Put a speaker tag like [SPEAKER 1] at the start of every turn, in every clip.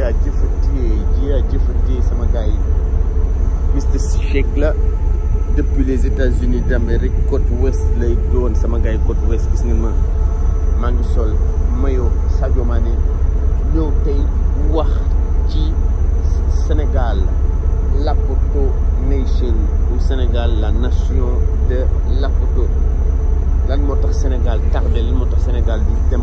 [SPEAKER 1] à a à faut a sama gars Mister depuis les États-Unis d'Amérique côte ouest les doon sama gars côte ouest gis ngeen ma maa sol mayo, Sadio Mané ñëw Wahti, wax ci Sénégal Lapoto nation ou Sénégal la nation de Lapoto lan Sénégal tardé le Sénégal dit dem.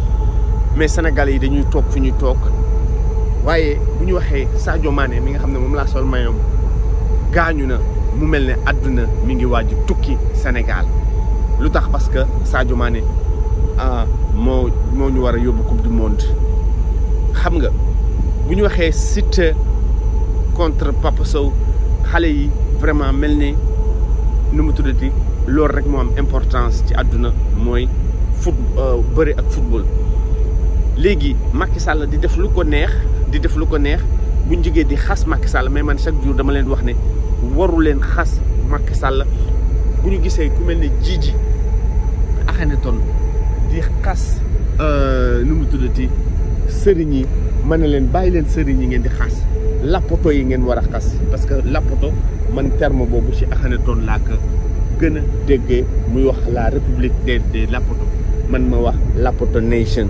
[SPEAKER 1] mais sénégal yi dañuy toog fu ñuy toog waaye bu ñu waxee Sadio Mané mi nga xam ne moom laa sol mayom gaañu na mu mel ne àdduna mi ngi waaj tukki Sénégal lu tax parce que Sadio Mané ah moo moo ñu war a yóbbu coupe du monde xam nga bu ñu waxee Siteu contre Papa Sow xale yi vraiment mel ne nu mu tuddati loolu rek moo am importance ci àdduna mooy foot euh, bëri ak football. léegi Macky Sall di def lu ko neex di def lu ko neex buñ jigee di xas makki Sall mais man chaque jour dama leen wax ne waru leen xas Macky Sall bu ñu gisee ku mel ne Jiji Akhenaton di xas euh, nu mu tuddati sëriñ yi ma ne leen bàyyi leen sëriñ yi ngeen di xas lapoto yi ngeen war a xas parce que lapoto man terme boobu ci Akhenaton laa ko gën a déggee muy wax laa république des des lapoto man ma wax lapoto nation.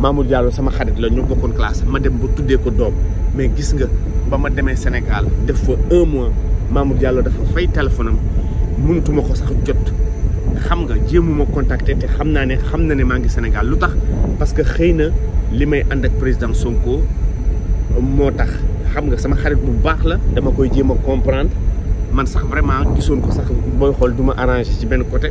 [SPEAKER 1] Mamour Diallo sama xarit la ñu bokkoon classe ma dem ba tuddee ko doom mais gis nga ba ma demee Sénégal def fa un mois Mamour Diallo dafa fay téléphone am mënatuma ko sax jot xam nga jéemuma contacter te xam naa ne xam na ne maa ngi Sénégal lu tax parce que xëy na li may ànd ak président Sonko moo tax xam nga sama xarit bu baax la dama koy jéem a comprendre man sax vraiment gisoon ko sax booy xool du ma arrangé ci benn côté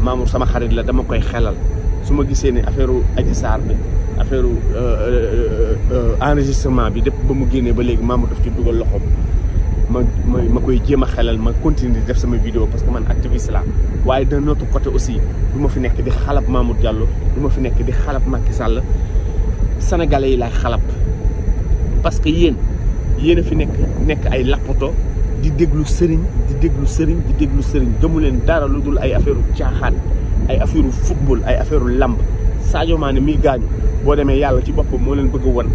[SPEAKER 1] Mamour sama xarit la dama koy xelal suma ma gisee ne affaire Adji sar bi affaire enregistrement bi def ba mu génnee ba léegi Mamour daf ci dugal loxoom ma ma ma koy jéem a xelal ma continuer di def sama vidéo parce que man activiste la waaye d'un autre côté aussi du ma fi nekk di xalab Mamour Diallo du ma fi nekk di xalab Macky Sall sénégalais yi laay xalab parce que yéen yéen a fi nekk nekk ay lapoto di déglu sëriñ di déglu sëriñ di déglu sëriñ gëmu leen dara lu dul ay affaire caaxaan ay affaire football ay affaire làmb Sadio Mané mi gaañu boo demee yàlla ci boppam moo leen bëgg a won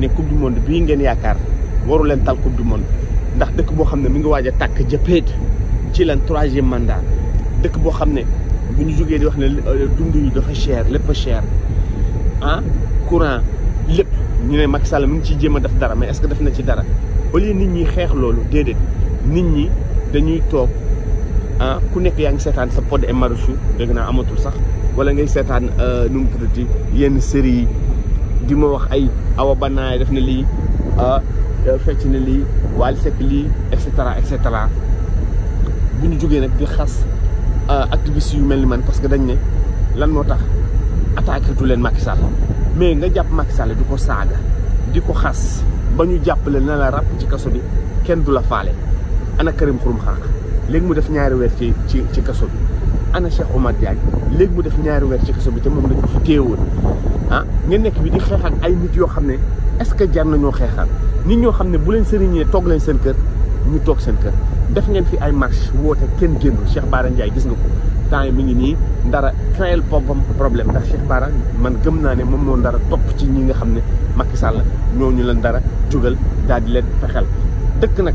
[SPEAKER 1] ne coupe du monde bii ngeen yaakaar waru leen tal coupe du monde ndax dëkk boo xam ne mi ngi waaj tàkk jëppeet ci leen troisième mandat dëkk boo xam ne bu ñu jógee di wax ne euh, dund yi dafa cher lépp a cher ah courant lépp ñu ne Macky Sall mi ngi ciy a def dara mais est que def na ci dara au lieu xeex loolu déedéet. nit ñi dañuy tok ah ku nekk yaangi sétane sa pod et Marichou deug na amatul sax wala ngay sétane euh num tuddati yenn série di ma wax ay awa banay def na ah fecc na li wal sekk li et cetera et cetera bu ñu jógee nag di euh activiste yu melni man parce que dañ né lan moo tax tu len Macky Sall mais nga japp Macky Sall diko saga diko xass bañu japp le na la rap ci kasso bi kenn dula faalé ana Karim Xurum Xaq léegi mu def ñaari weer ci ci ci kaso bi ana Cheikh Oumar Diagne léegi mu def ñaari weer ci kaso bi te moom dañ ko fi téewoon ah ngeen nekk bi di xeex ak ay nit yoo xam ne est ce que jar nañoo xeexal nit ñoo xam ne bu leen sëriñee toog leen seen kër ñu toog seen kër def ngeen fi ay marche woote kenn génn Cheikh Bara Ndiaye gis nga ko temps yi mi ngi nii ndara créel boppam problème ndax Cheikh Bara man gëm naa ne moom moo ndara topp ci ñi nga xam ne Macky Sall ñooñu leen dara jógal daal di leen fexel dëkk nag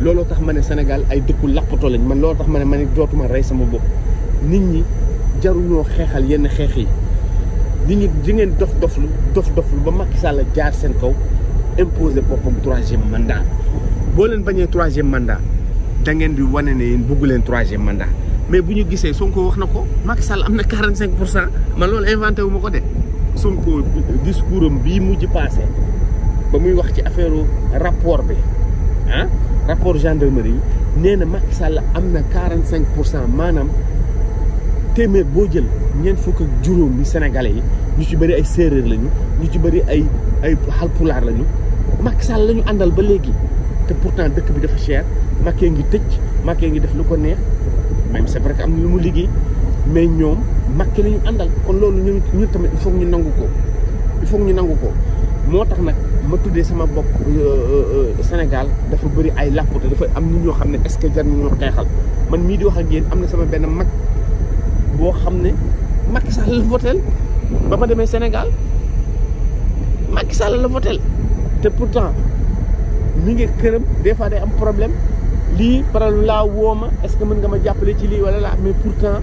[SPEAKER 1] looloo tax ma ne Sénégal ay dëkku làppato lañ man looloo tax ma ne ma ne dootuma rey sama bopp nit ñi jaruñoo xeexal yenn xeex yi nit ñi di ngeen dof doflu dof doflu ba Macky Sall jaar seen kaw imposé boppam man mandat boo leen bañee troisième mandat te ngeen di wane ne yéen bugg leen troisième mandat mais bu ñu gisee Sonko wax na ko Macky Sall am na 45 pour cent man loolu inventé wu ma ko de Sonko discours am bii mujj passé ba muy wax ci affaire rapport bi ah. rapport gendarmerie nee na Macky Sall am na 45 pour cent maanaam téeméer boo jël ñeent fukk juróom yi sénégalais yi ñu ci bëri ay séeréer lañu ñu ci bëri ay ay xalpulaar lañu Macky Sall la ñu àndal ba léegi te pour pourtant dëkk bi dafa cher Macky ngi tëj Macky ngi def lu ko neex même c'est vrai que am na lu mu liggéey mais ñoom Macky la ñu àndal kon loolu ñun ñu tamit il faut ñu nangu ko il faut ñu nangu ko. moo tax nag ma tuddee sama bopp euh, euh, euh, Sénégal dafa bëri ay làppute dafa am nit ñoo xam ne est-ce que ñoo nañoo xeexal man mii di wax ak yéen am na sama benn mag boo xam ne Macky Sall la votel ba ma demee Sénégal Macky Sall la votel te temps mi ngi këram des fois day am problème lii paral laa woo ma est que mën nga ma jàppale ci lii wala laa mais pourtant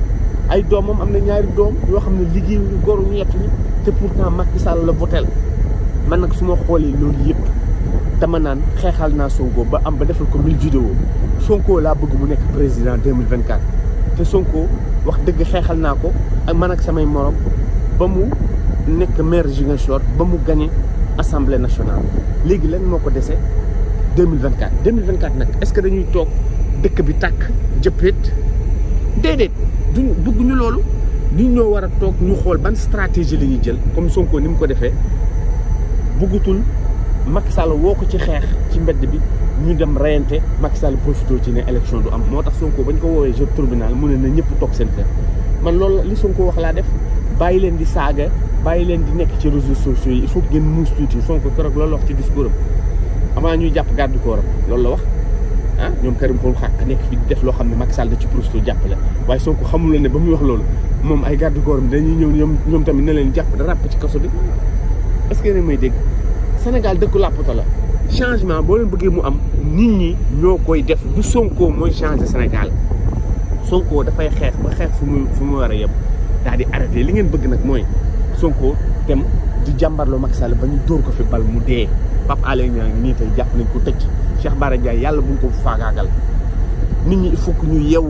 [SPEAKER 1] ay doomam am na ñaari doom yoo xam ne liggéeyuñu goruñu yettuñu te pourtant Macky Sall la votel man nag su ma xoolee loolu yëpp dama naan xeexal naa Sonko ba am ba defal ko mille vidéo Sonko laa bëgg mu nekk président 2024 te Sonko wax dëgg xeexal naa ko ak man ak samay morom ba mu nekk maire Ziguinchor ba mu gagné assemblée nationale léegi lan moo ko dese 2024 2024 nag est-ce que dañuy toog dëkk bi tàkk jëppit déedéet duñ bëgg ñu loolu duñ ñoo war a toog ñu xool ban stratégie la ñuy jël comme Sonko ni mu ko defee bëggatul Macky Sall woo ko ci xeex ci mbedd bi ñu dem reyante Macky Sall profité ci ne élection du am moo tax Sonko bañ ko woowee jeu tribunal mu ne na ñëpp toog seen kër man loolu li ko wax laa def bàyyi leen di saaga bàyyi leen di nekk ci réseaux sociaux yi il faut que ngeen muus tuuti Sonko keroog loolu wax ci discours am avant ñuy jàpp gàddu kooram loolu la wax ah ñoom Karim Xrum Xax nekk fi def loo xam ne Macky Sall da ci profité jàppale waaye Sonko xamul ne ba muy wax loolu moom ay gàddu kooram dañuy ñëw ñoom tamit ne leen jàpp da ràpp ci kaso bi est ce que yéen may dégg Sénégal dëkku la la changement boo leen bëggee mu am nit ñi ñoo def du Sonko mooy changer Sénégal Sonko fay xeex ba xeex fu mu fu mu war a yem di arrêté li ngeen bëgg nag mooy Sonko dem di jàmbarloo Macky Sall ba ñu dóor ko fi bal mu dé. Pap Alé Niang ni tey japp nañ ko tecc. Cheikh Bara Ndiaye Yalla bu ñu ko faagaagal nit ñi il faut que ñu yew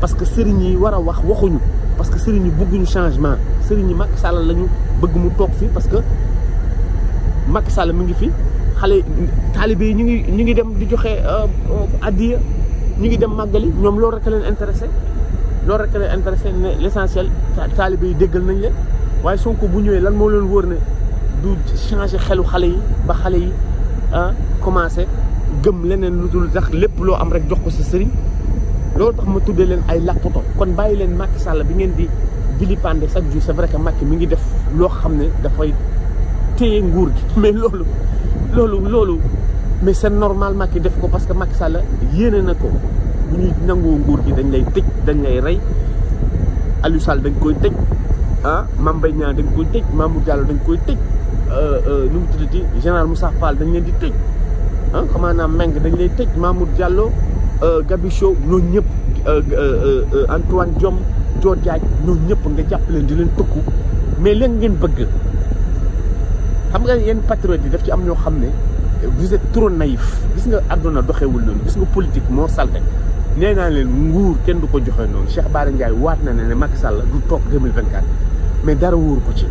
[SPEAKER 1] parce que sëriñ yi wara a wax waxuñu parce que sëriñ yi bëgguñu changement sëriñ yi Macky Sall lañu bëgg mu toog fi parce que. Macky Sall mi ngi fi xale taalibe yi ñu ngi ñu ngi dem di joxe euh, euh, addiya ñu ngi dem màggali ñoom loolu rek leen intéressé loolu rek leen intéressé ne l' essentiel yi déggal nañ leen waaye Sonko bu ñëwee lan moo leen wóor ne du changé xelu xale yi ba xale yi ah commencé gëm leneen lu dul tax lépp loo am rek jox ko si sëriñ loolu tax ma tuddee leen ay làppato kon bàyyi leen Macky Sall bi ngeen di vilipender chaque jour c' est vrai que Macky mi ngi def loo xam ne dafay. téye nguur gi mais loolu loolu loolu mais c'est normal Macky def ko parce que Macky Sall yéene na ko bu ñuy nangoo nguur gi dañ lay tëj dañ lay rey Aliou Sall dañ koy tëj ah Mame Mbaye Niang dañ koy tëj Mamour Diallo dañ koy tëj euh, euh, nu mu tuddati général Moussa Fall dañ leen di tëj ah xamaa naa Meng dañ lay tëj Mamour Diallo euh, Gabi Sow ñooñu ñëpp Antoine Diome Dior Diagne ñooñu ñëpp nga jàpp leen di leen tëkku mais leen ngeen bëgg xam nga yenn patriotes yi def ci am ñoo xam ne vous êtes trop naïf gis nga àdduna doxewul noonu gis nga politique moo salte nee naa leen nguur kenn du ko joxe noonu Cheikh Bara Ndiaye waat na ne ne Macky Sall du toog 2024 mais dara wóor ko ci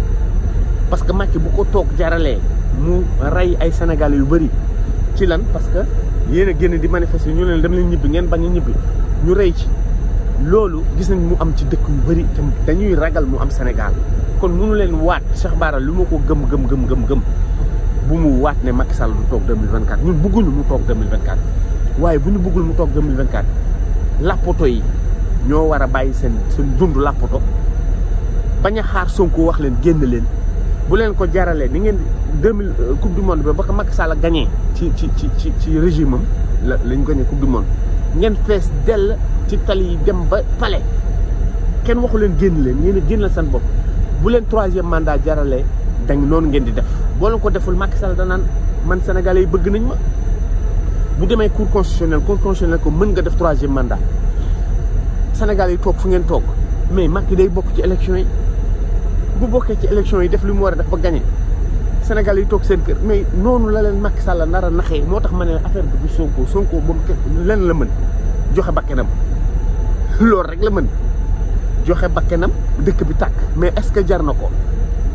[SPEAKER 1] parce que Macky bu ko toog jaralee mu rey ay Sénégalais yu bëri ci lan parce que yéen a génn di manifester ñu leen dem leen ñibbi ngeen bañ a ñibbi ñu rey ci loolu gis nañ mu am ci dëkk yu bëri te dañuy ragal mu am Sénégal kon mënu leen waat Cheikh Bara lu ma ko gëm gëm gëm gëm gëm bu mu waat ne Macky Sall du toog 2024 ñun bëgguñu mu toog 2024. waaye bu ñu bëggul mu toog 2024 làppoto yi ñoo war a bàyyi seen seen dund làppoto bañ a xaar Sonko wax leen génn leen bu leen ko jaralee ni ngeen 2000 euh, coupe du monde bi ba ko Macky Sall gagné ci ci ci ci ci régime am la lañ gagné coupe du monde ngeen fees dell ci tali yi dem ba palais kenn waxu leen génn leen ngeen a génnal seen bopp. bu leen troisième mandat jarale dañ noonu ngeen di def boo leen ko deful Macky Sall danaan man sénégalais yi bëgg nañ ma bu demee cour constitutionnel cour constitutionnel ko mën nga def troisième mandat sénégalais yi toog fu ngeen toog mais Macky day bokk ci élection yi bu bokkee ci élection yi def li mu war a def ba gagné sénégalais yi toog seen kër mais noonu la leen makki Sall nar a naxee moo tax ma ne affaire bi bu Sonko Sonko moom lenn la mën joxe bakkanam loolu rek la mën joxe bakkenam dëkk bi tàkk mais est-ce que jar na ko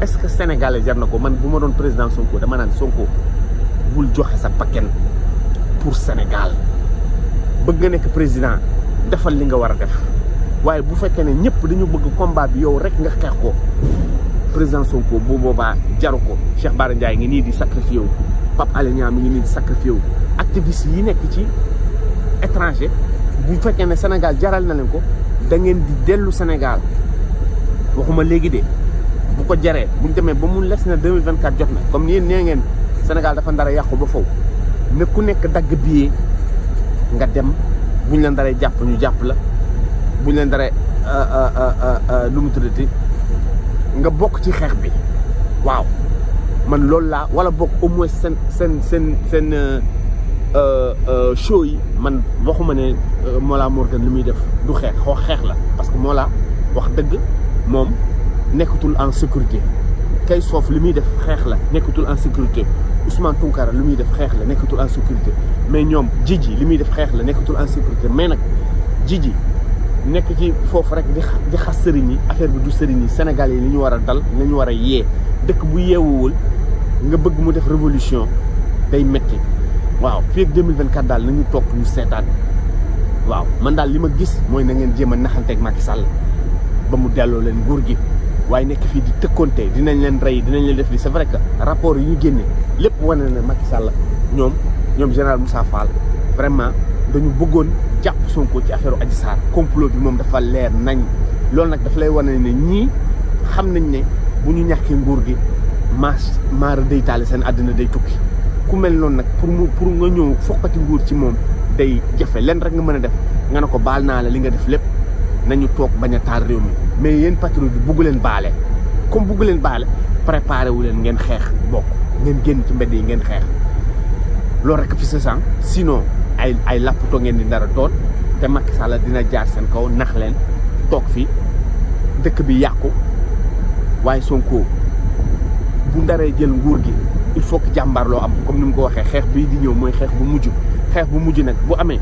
[SPEAKER 1] est-ce que sénégalais jar na ko man bu ma doon président Sonko dama naan Sonko bul joxe sa bakken pour Sénégal bëgg nga nekk président defal li nga war a def waaye bu fekkee ne ñëpp dañu bëgg combat bi yow rek nga xeex ko président Sonko bu boobaa jaru ko Cheikh Bara Ndiaye ngi nii di sacrifié wu Pape Alé Niang mi ngi nii di sacrifié wu activiste yi nekk ci étranger bu fekkee ne Sénégal jaral na leen ko da ngeen di dellu Sénégal waxuma léegi de bu ko jaree bu ñu demee ba mu les na 2024 jot na comme ni nee ngeen Sénégal dafa ndara yàqu ba faw ne ku nekk dagg billet nga dem bu ñu leen daree jàpp ñu jàpp la bu ñu leen daree lu euh, euh, euh, mu tuddati nga bokk ci xeex bi waaw man loolu laa wala bokk au seen seen seen seen. show yi man waxuma ne Mollah Morgan li muy def du xeex xoo xeex la parce que Mollah wax dëgg moom nekkatul en sécurité kay soof li muy def xeex la nekkatul en sécurité Ousmane Tounkara li muy def xeex la nekkatul en sécurité mais ñoom Jiji li muy def xeex la nekkatul en sécurité mais nag Jiji nekk ci foofu rek di xas sëriñ yi affaire bi du sëriñ yi Sénégal yi li ñu war a dal li ñu war a yee dëkk bu yeewuwul nga bëgg mu def révolution day metti waaw fii ak 2024 daal nañu toog ñu seetaan waaw man daal li ma gis mooy na ngeen jéem a naxanteeg Macky Sall ba mu delloo leen nguur gi waaye nekk fii di tëkkonte dinañ leen rey dinañ leen def li c'est vrai rapport yi ñu génne lépp wane na Macky Sall ñoom ñoom général Moussa Fall vraiment dañu bëggoon jàpp Sonko ci affaire Adji Sarr complot bi moom dafa leer nañ loolu nag daf lay wane ne ñii xam nañ ne bu ñu ñax ñàkkee nguur gi maas maara day taale seen àddina day tukki ku mel non nak pour mu pour nga ñew fokati nguur ci mom day jafe len rek nga mëna def nga nako bal na la li nga def lepp nañu tok baña tar taal réew mi mais yeen patriote bi bugg leen comme bugg leen balé préparé wu leen ngeen xex bok ngeen génn ci mbéd yi ngeen xex lo rek fi sinon ay ay ngeen di dara doot té Macky Sall dina jaar sen kaw nax tok fi dëkk bi yakku waye Sonko bu ndaré jël nguur gi il faut que jàmbaarloo am comme ni mu ko waxee xeex bi di ñëw mooy xeex bu mujj xeex bu mujj nag bu amee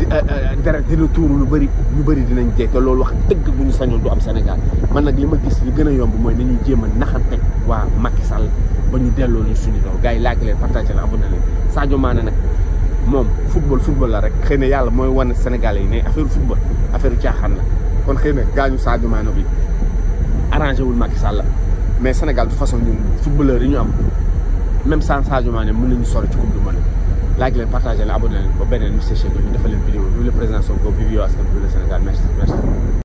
[SPEAKER 1] euh, euh, dara dina tuuru lu bëri lu bari dinañ dee te loolu wax dëgg bu ñu sañoon du am senegal man nag li ma gis li gën a yomb mooy nañu jéem a waa Macky Sall ba ñu delloo leen suñu doom gars yi laaj leen partagé la abonné leen Sadio Mané nag moom football football la rek xëy na yàlla mooy wan Sénégalais yi ne affaire football affaire caaxaan la kon xëy na gaañu Sadio bi arrangé wul Macky Sall mais Sénégal de façon ñun footballeur yi ñu am même sans Sadio Mané mën nañu sori ci coupe du monde laaj leen partagé leen abonné leen beneen monsieur Cheikh ñu defal leen vidéo bi le président Sonko bi vidéo askan bi le Sénégal merci merci.